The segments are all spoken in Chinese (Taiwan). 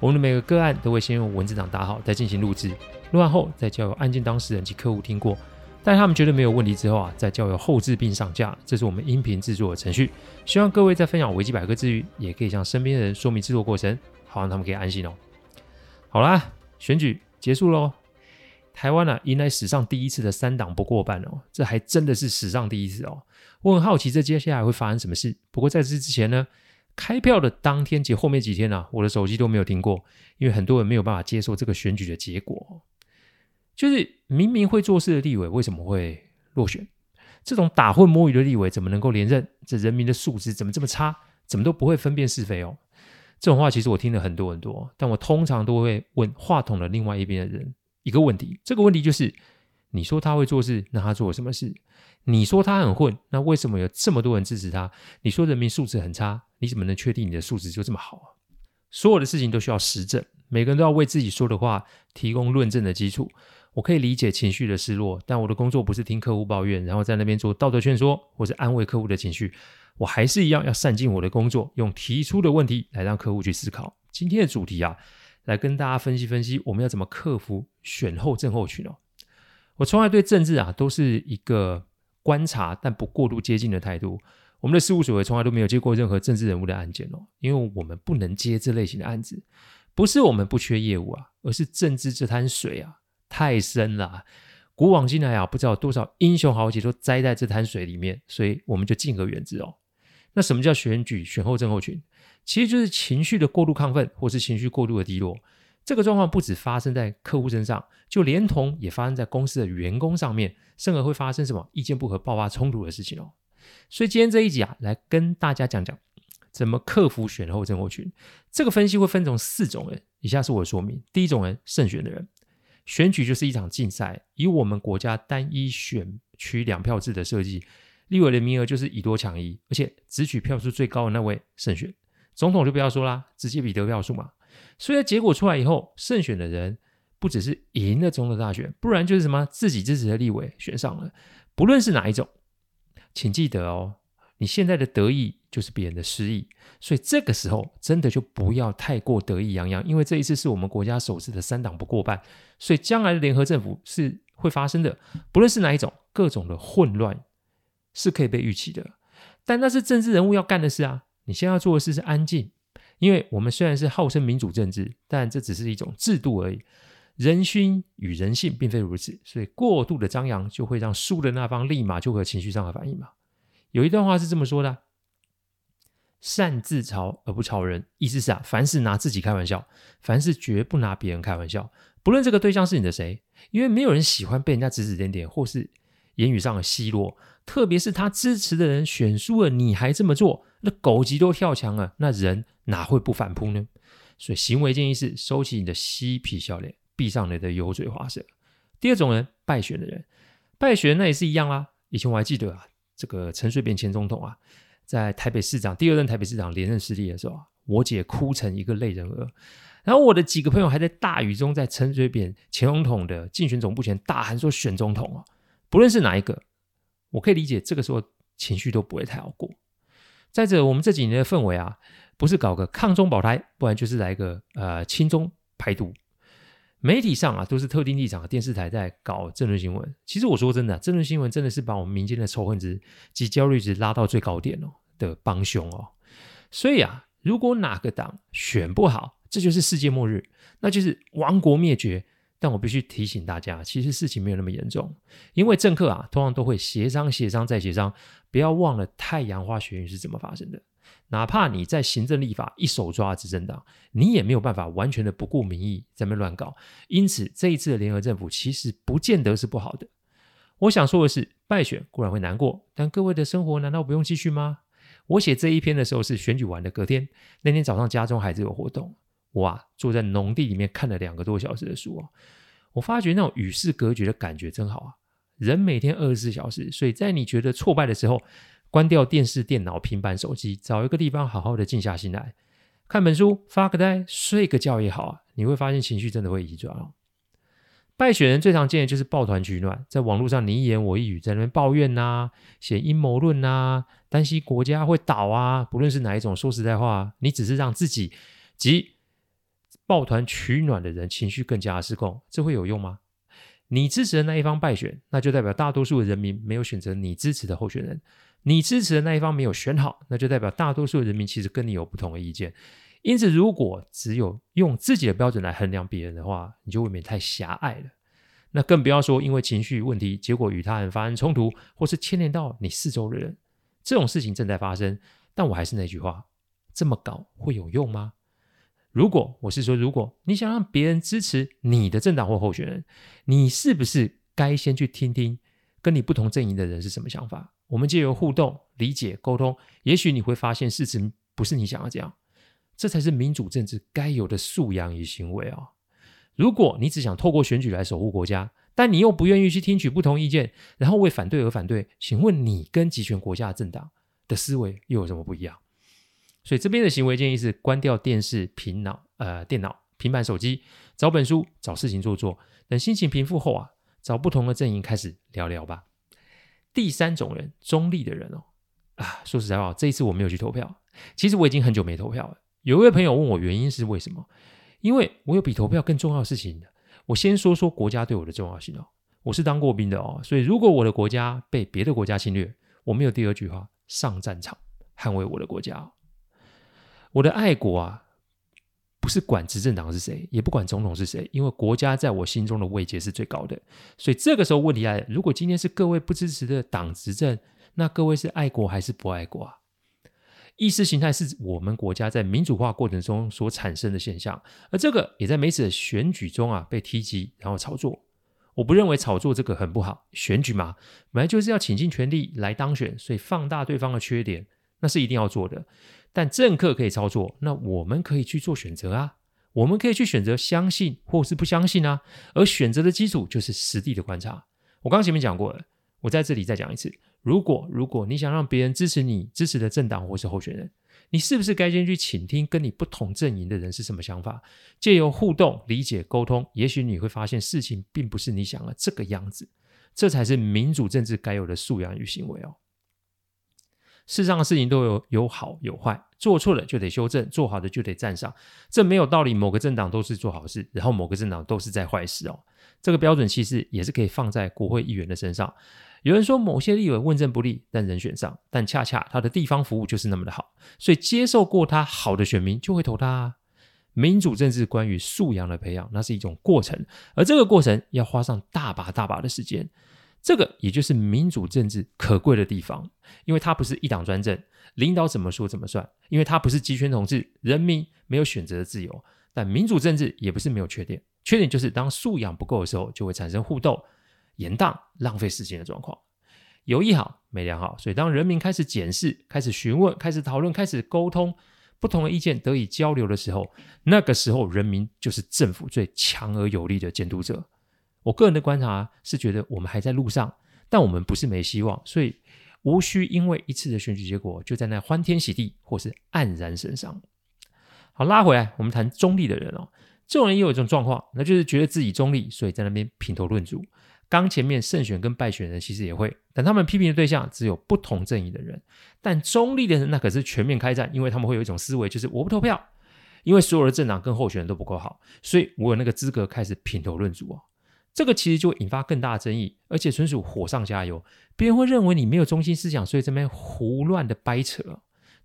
我們的每個個案都會先用文字檔打好，再進行錄制。錄完後，再交由案件當事人及客戶聽過，但他們覺得沒有問題之後啊，再交由後制並上架。這是我們音頻制作的程序。希望各位在分享危機百科之餘，也可以向身邊的人說明制作過程，好讓他們可以安心哦。好啦，選舉結束嘍，台灣啊，迎來史上第一次的三黨不過半哦，這還真的是史上第一次哦。我很好奇，這接下來會發生什麼事。不過在此之前呢？開票的當天及後面幾天啊，我的手機都沒有停過，因為很多人沒有辦法接受這個選舉的結果。就是明明會做事的立委為什麼會落選？這種打混摸魚的立委怎麼能夠連任？這人民的素質怎麼這麼差？怎麼都不會分辨是非哦？這種話其實我聽了很多很多，但我通常都會問話筒的另外一邊的人一個問題，這個問題就是，你說他會做事，那他做了什麼事？你說他很混，那為什麼有這麼多人支持他？你說人民素質很差？你怎麼能確定你的素質就這麼好啊？所有的事情都需要實證，每個人都要為自己說的話提供論證的基礎。我可以理解情緒的失落，但我的工作不是聽客戶抱怨，然後在那邊做道德勸說或者安慰客戶的情緒。我還是一樣要善盡我的工作，用提出的問題來讓客戶去思考。今天的主題啊，來跟大家分析分析，我們要怎麼克服選後症候群哦。我從來對政治啊都是一個觀察但不過度接近的態度。我們的事務所也從來都沒有接過任何政治人物的案件哦，因為我們不能接這類型的案子，不是我們不缺業務啊，而是政治這灘水啊太深了，古往今來啊不知道多少英雄豪傑都栽在這灘水裡面，所以我們就敬而遠之哦。那什麼叫選舉選後症候群？其實就是情緒的過度亢奮或是情緒過度的低落。這個狀況不只發生在客戶身上，就連同也發生在公司的員工上面，甚至會發生什麼意見不合、爆發衝突的事情哦。所以今天這一集啊，來跟大家講講怎麼克服選後症候群。這個分析會分成四種人，以下是我的說明：第一種人，勝選的人，選舉就是一場競賽。以我們國家單一選區兩票制的設計，立委的名額就是以多搶一，而且只取票數最高的那位勝選。總統就不要說啦，直接比得票數嘛。所以在結果出來以後，勝選的人不只是贏了總統大選，不然就是什麼自己支持的立委選上了，不論是哪一種，請記得哦，你現在的得意就是別人的失意，所以這個時候真的就不要太過得意洋洋，因為這一次是我們國家首次的三黨不過半，所以將來的聯合政府是會發生的，不論是哪一種，各種的混亂是可以被預期的，但那是政治人物要幹的事啊，你現在要做的事是安靜，因為我們雖然是號稱民主政治，但這只是一種制度而已。人心與人性，並非如此，所以過度的張揚就會讓輸的那方立馬就會有情緒上的反應嘛。有一段話是這麼說的啊：“善自嘲而不嘲人”，意思是啊，凡事拿自己開玩笑，凡事絕不拿別人開玩笑，不論這個對象是你的誰，因為沒有人喜歡被人家指指點點或是言語上的奚落。特別是他支持的人選輸了，你還這麼做，那狗急都跳牆了，那人哪會不反撲呢？所以行為建議是收起你的嬉皮笑臉。閉上你的油嘴滑舌。第二種人，敗選的人，敗選那也是一樣啦、啊。以前我還記得啊，這個陳水扁前總統啊，在台北市長第二任台北市長連任失利的時候啊，我姐哭成一個淚人兒，然後我的幾個朋友還在大雨中在陳水扁前總統的競選總部前大喊說：“選總統啊！”不論是哪一個，我可以理解這個時候情緒都不會太好過。再者，我們這幾年的氛圍啊，不是搞個抗中保台，不然就是來個呃親中排毒。媒體上啊，都是特定立場的電視台在搞政論新聞。其實我說真的啊，政論新聞真的是把我們民間的仇恨值及焦慮值拉到最高點哦的幫凶哦。所以啊，如果哪個黨選不好，這就是世界末日，那就是亡國滅絕。但我必須提醒大家，其實事情沒有那麼嚴重，因為政客啊，通常都會協商、協商再協商。不要忘了太陽花學運是怎麼發生的。哪怕你在行政立法一手抓執政黨，你也沒有辦法完全的不顧民意在那邊亂搞。因此，這一次的聯合政府其實不見得是不好的。我想說的是，敗選固然會難過，但各位的生活難道不用繼續嗎？我寫這一篇的時候是選舉完的隔天，那天早上家中還是有活動，我、啊、坐在農地裡面看了兩個多小時的書、啊。我發覺那種與世隔絕的感覺真好啊！人每天二十四小時，所以在你覺得挫敗的時候。關掉電視、電腦、平板、手機，找一個地方好好的靜下心來看本書，發個呆，睡個覺也好啊。你會發現情緒真的會移轉。敗選人最常見的就是抱團取暖，在網絡上你一言我一語，在那邊抱怨吶、啊，寫陰謀論吶、啊，擔心國家會倒啊。不論是哪一種，說實在話，你只是讓自己及抱團取暖的人情緒更加失控，這會有用嗎？你支持的那一方敗選，那就代表大多數的人民沒有選擇你支持的候選人。你支持的那一方沒有選好，那就代表大多數人民其實跟你有不同的意見。因此，如果只有用自己的標準來衡量別人的話，你就未免太狹隘了。那更不要說因為情緒問題，結果與他人發生衝突，或是牽連到你四周的人。這種事情正在發生，但我還是那句話：這麼搞會有用嗎？如果我是說，如果你想讓別人支持你的政黨或候選人，你是不是該先去聽聽跟你不同陣營的人是什麼想法？我們借由互動、理解、溝通，也許你會發現事情不是你想要這樣。這才是民主政治該有的素養與行為哦。如果你只想透過選舉來守護國家，但你又不願意去聽取不同意見，然後為反對而反對，請問你跟極權國家的政黨，的思維又有什麼不一樣？所以這邊的行為建議是：關掉電視、平腦、呃電腦、平板手機，找本書，找事情做做。等心情平復後啊，找不同的陣營開始聊聊吧。第三種人，中立的人哦，啊，說實在話，這一次我沒有去投票。其實我已經很久沒投票了。有一位朋友問我原因是為什麼？因為我有比投票更重要的事情。我先說說國家對我的重要性哦。我是當過兵的哦，所以如果我的國家被別的國家侵略，我沒有第二句話，上戰場捍衛我的國家，哦。我的愛國啊。不是管執政黨是誰，也不管總統是誰，因為國家在我心中的位階是最高的。所以這個時候問題來了：如果今天是各位不支持的黨執政，那各位是愛國還是不愛國啊？意識形態是我們國家在民主化過程中所產生的現象，而這個也在每次的選舉中啊被提及，然後炒作。我不認為炒作這個很不好，選舉嘛，本來就是要傾盡全力來當選，所以放大對方的缺點，那是一定要做的。但政客可以操作，那我們可以去做選擇啊！我們可以去選擇相信或是不相信啊。而選擇的基礎就是實地的觀察。我剛前面講過了，我在這裡再講一次：如果如果你想讓別人支持你支持的政黨或是候選人，你是不是該先去傾聽跟你不同陣營的人是什麼想法？借由互動、理解、溝通，也許你會發現事情並不是你想的這個樣子。這才是民主政治該有的素養與行為哦。世上的事情都有有好有壞。做錯了就得修正，做好的就得讚賞。這沒有道理，某個政黨都是做好事，然後某個政黨都是在壞事哦。這個標準其實也是可以放在國會議員的身上。有人說某些立委問政不力，但人選上，但恰恰他的地方服務就是那麼的好，所以接受過他好的選民就會投他啊。民主政治關於素養的培養，那是一種過程，而這個過程要花上大把大把的時間。這個也就是民主政治可貴的地方，因為它不是一黨專政，領導怎麼說怎麼算；因為它不是極權統治，人民沒有選擇的自由。但民主政治也不是沒有缺點，缺點就是當素養不夠的時候，就會產生互鬥、延宕、浪費時間的狀況。有一好，沒兩好。所以，當人民開始檢視、開始詢問、開始討論、開始溝通，不同的意見得以交流的時候，那個時候人民就是政府最強而有力的監督者。我個人的觀察啊，是覺得我們還在路上，但我們不是沒希望，所以無需因為一次的選舉結果就在那歡天喜地，或是黯然神傷。好，拉回來，我們談中立的人哦。這種人也有一種狀況，那就是覺得自己中立，所以在那邊品頭論足。剛前面勝選跟敗選人其實也會，但他們批評的對象只有不同陣營的人。但中立的人那可是全面開戰，因為他們會有一種思維，就是我不投票，因為所有的政黨跟候選人都不夠好，所以我有那個資格開始品頭論足哦。這個其實就引發更大的爭議，而且純屬火上加油。別人會認為你沒有中心思想，所以這邊胡亂的掰扯。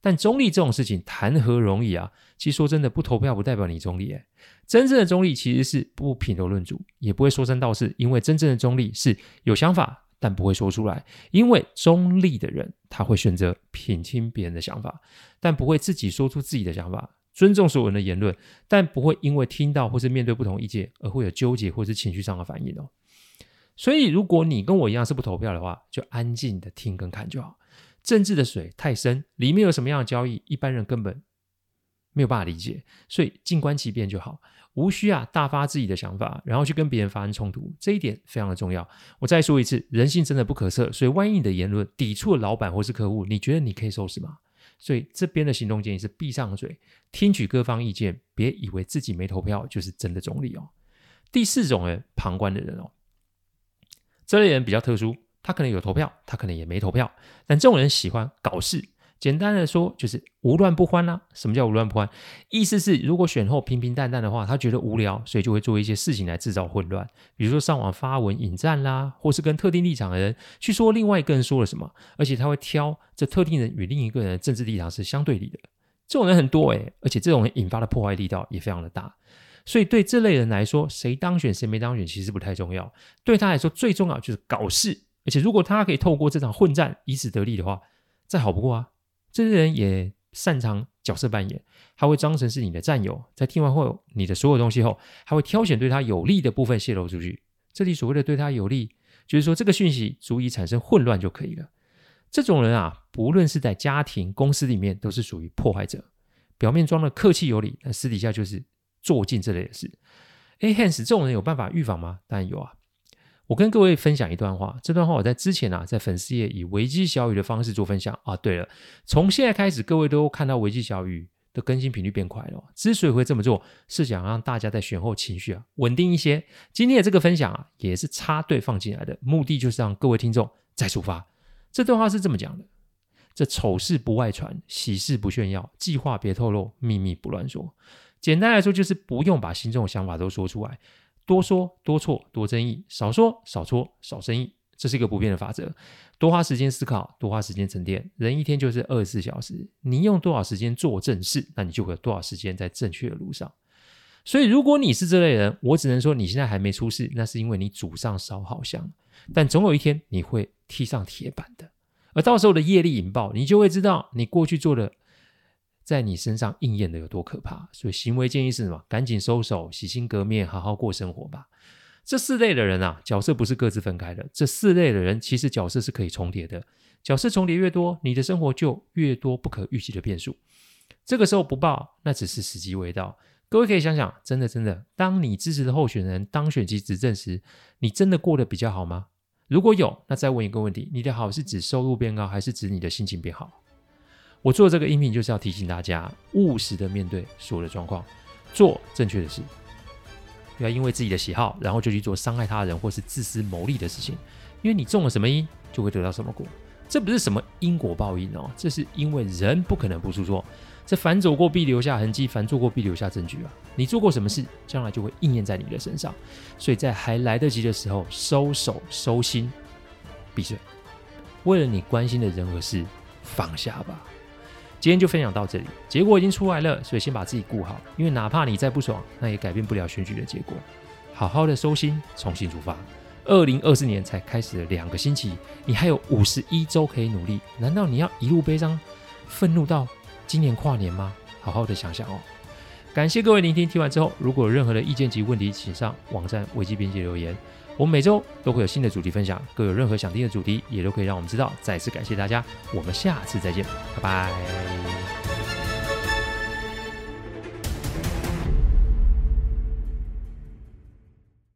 但中立這種事情談何容易啊？其實說真的，不投票不代表你中立。欸，真正的中立其實是不品頭論足，也不會說三道四。因為真正的中立是有想法，但不會說出來。因為中立的人，他會選擇品聽別人的想法，但不會自己說出自己的想法。尊重所有人的言論，但不會因為聽到或是面對不同意見而會有糾結或是情緒上的反應哦。所以，如果你跟我一樣是不投票的話，就安靜的聽跟看就好。政治的水太深，裡面有什麼樣的交易，一般人根本沒有辦法理解，所以靜觀其變就好，無需啊大發自己的想法，然後去跟別人發生衝突。這一點非常的重要。我再說一次，人性真的不可測，所以萬一你的言論抵觸了老闆或是客戶，你覺得你可以收拾嗎？所以這邊的行動建議是閉上嘴，聽取各方意見，別以為自己沒投票就是真的總理哦。第四種人，旁觀的人哦，這類人比較特殊，他可能有投票，他可能也沒投票，但這種人喜歡搞事。簡單的說就是無亂不歡啦、啊。什麼叫無亂不歡？意思是如果選後平平淡淡的話，他覺得無聊，所以就會做一些事情來制造混亂，比如說上網發文引戰啦，或是跟特定立場的人去說另外一個人說了什麼，而且他會挑這特定人與另一個人的政治立場是相對立的。這種人很多哎、欸，而且這種人引發的破壞力道也非常的大。所以對這類人來說，誰當選誰沒當選其實不太重要，對他來說最重要就是搞事，而且如果他可以透過這場混戰以此得利的話，再好不過啊。這些人也擅長角色扮演，他會裝成是你的戰友，在聽完後你的所有東西後，他會挑選對他有利的部分洩露出去。這裡所謂的對他有利，就是說這個訊息足以產生混亂就可以了。這種人啊，不論是在家庭、公司裡面，都是屬於破壞者。表面裝的客氣有禮，那私底下就是做盡這類的事。欸，Hans 這種人有辦法預防嗎？當然有啊。我跟各位分享一段話，這段話我在之前啊，在粉絲頁以危機小語的方式做分享啊。對了，從現在開始，各位都看到危機小語的更新頻率變快了。之所以會這麼做，是想讓大家在選後情緒啊穩定一些。今天的這個分享啊，也是插隊放進來的，目的就是讓各位聽眾再出發。這段話是這麼講的：這醜事不外傳，喜事不炫耀，計劃別透露，秘密不亂說。簡單來說，就是不用把心中的想法都說出來。多說多錯多爭議，少說少錯少爭議，這是一個不變的法則。多花時間思考，多花時間沉澱。人一天就是二十四小時，你用多少時間做正事，那你就會有多少時間在正確的路上。所以，如果你是這類人，我只能說你現在還沒出事，那是因為你祖上燒好香。但總有一天你會踢上鐵板的，而到時候的業力引爆，你就會知道你過去做的。在你身上應驗的有多可怕？所以行為建議是什麼？趕緊收手，洗心革面，好好過生活吧。這四類的人啊，角色不是各自分開的。這四類的人其實角色是可以重疊的。角色重疊越多，你的生活就越多不可預期的變數。這個時候不報，那只是時機未到。各位可以想想，真的真的，當你支持的候選人當選及執政時，你真的過得比較好嗎？如果有，那再問一個問題：你的好是指收入變高，還是指你的心情變好？我做這個音頻就是要提醒大家務實的面對所有的狀況，做正確的事，不要因為自己的喜好，然後就去做傷害他人或是自私牟利的事情。因為你種了什麼因，就會得到什麼果。這不是什麼因果報應哦，這是因為人不可能不出錯。這凡走過必留下痕跡，凡做過必留下證據啊！你做過什麼事，將來就會應驗在你的身上。所以在還來得及的時候，收手收心，閉嘴，為了你關心的人和事，放下吧。今天就分享到這裡，結果已經出來了，所以先把自己顧好，因為哪怕你再不爽，那也改變不了選舉的結果。好好的收心，重新出發。二零二四年才開始了兩個星期，你還有五十一周可以努力，難道你要一路悲傷、憤怒到今年跨年嗎？好好的想想哦。感謝各位聆聽，聽完之後，如果有任何的意見及問題，請上網站危機邊界留言。我們每周都會有新的主題分享，各位有任何想聽的主題，也都可以讓我們知道。再次感謝大家，我們下次再見，拜拜。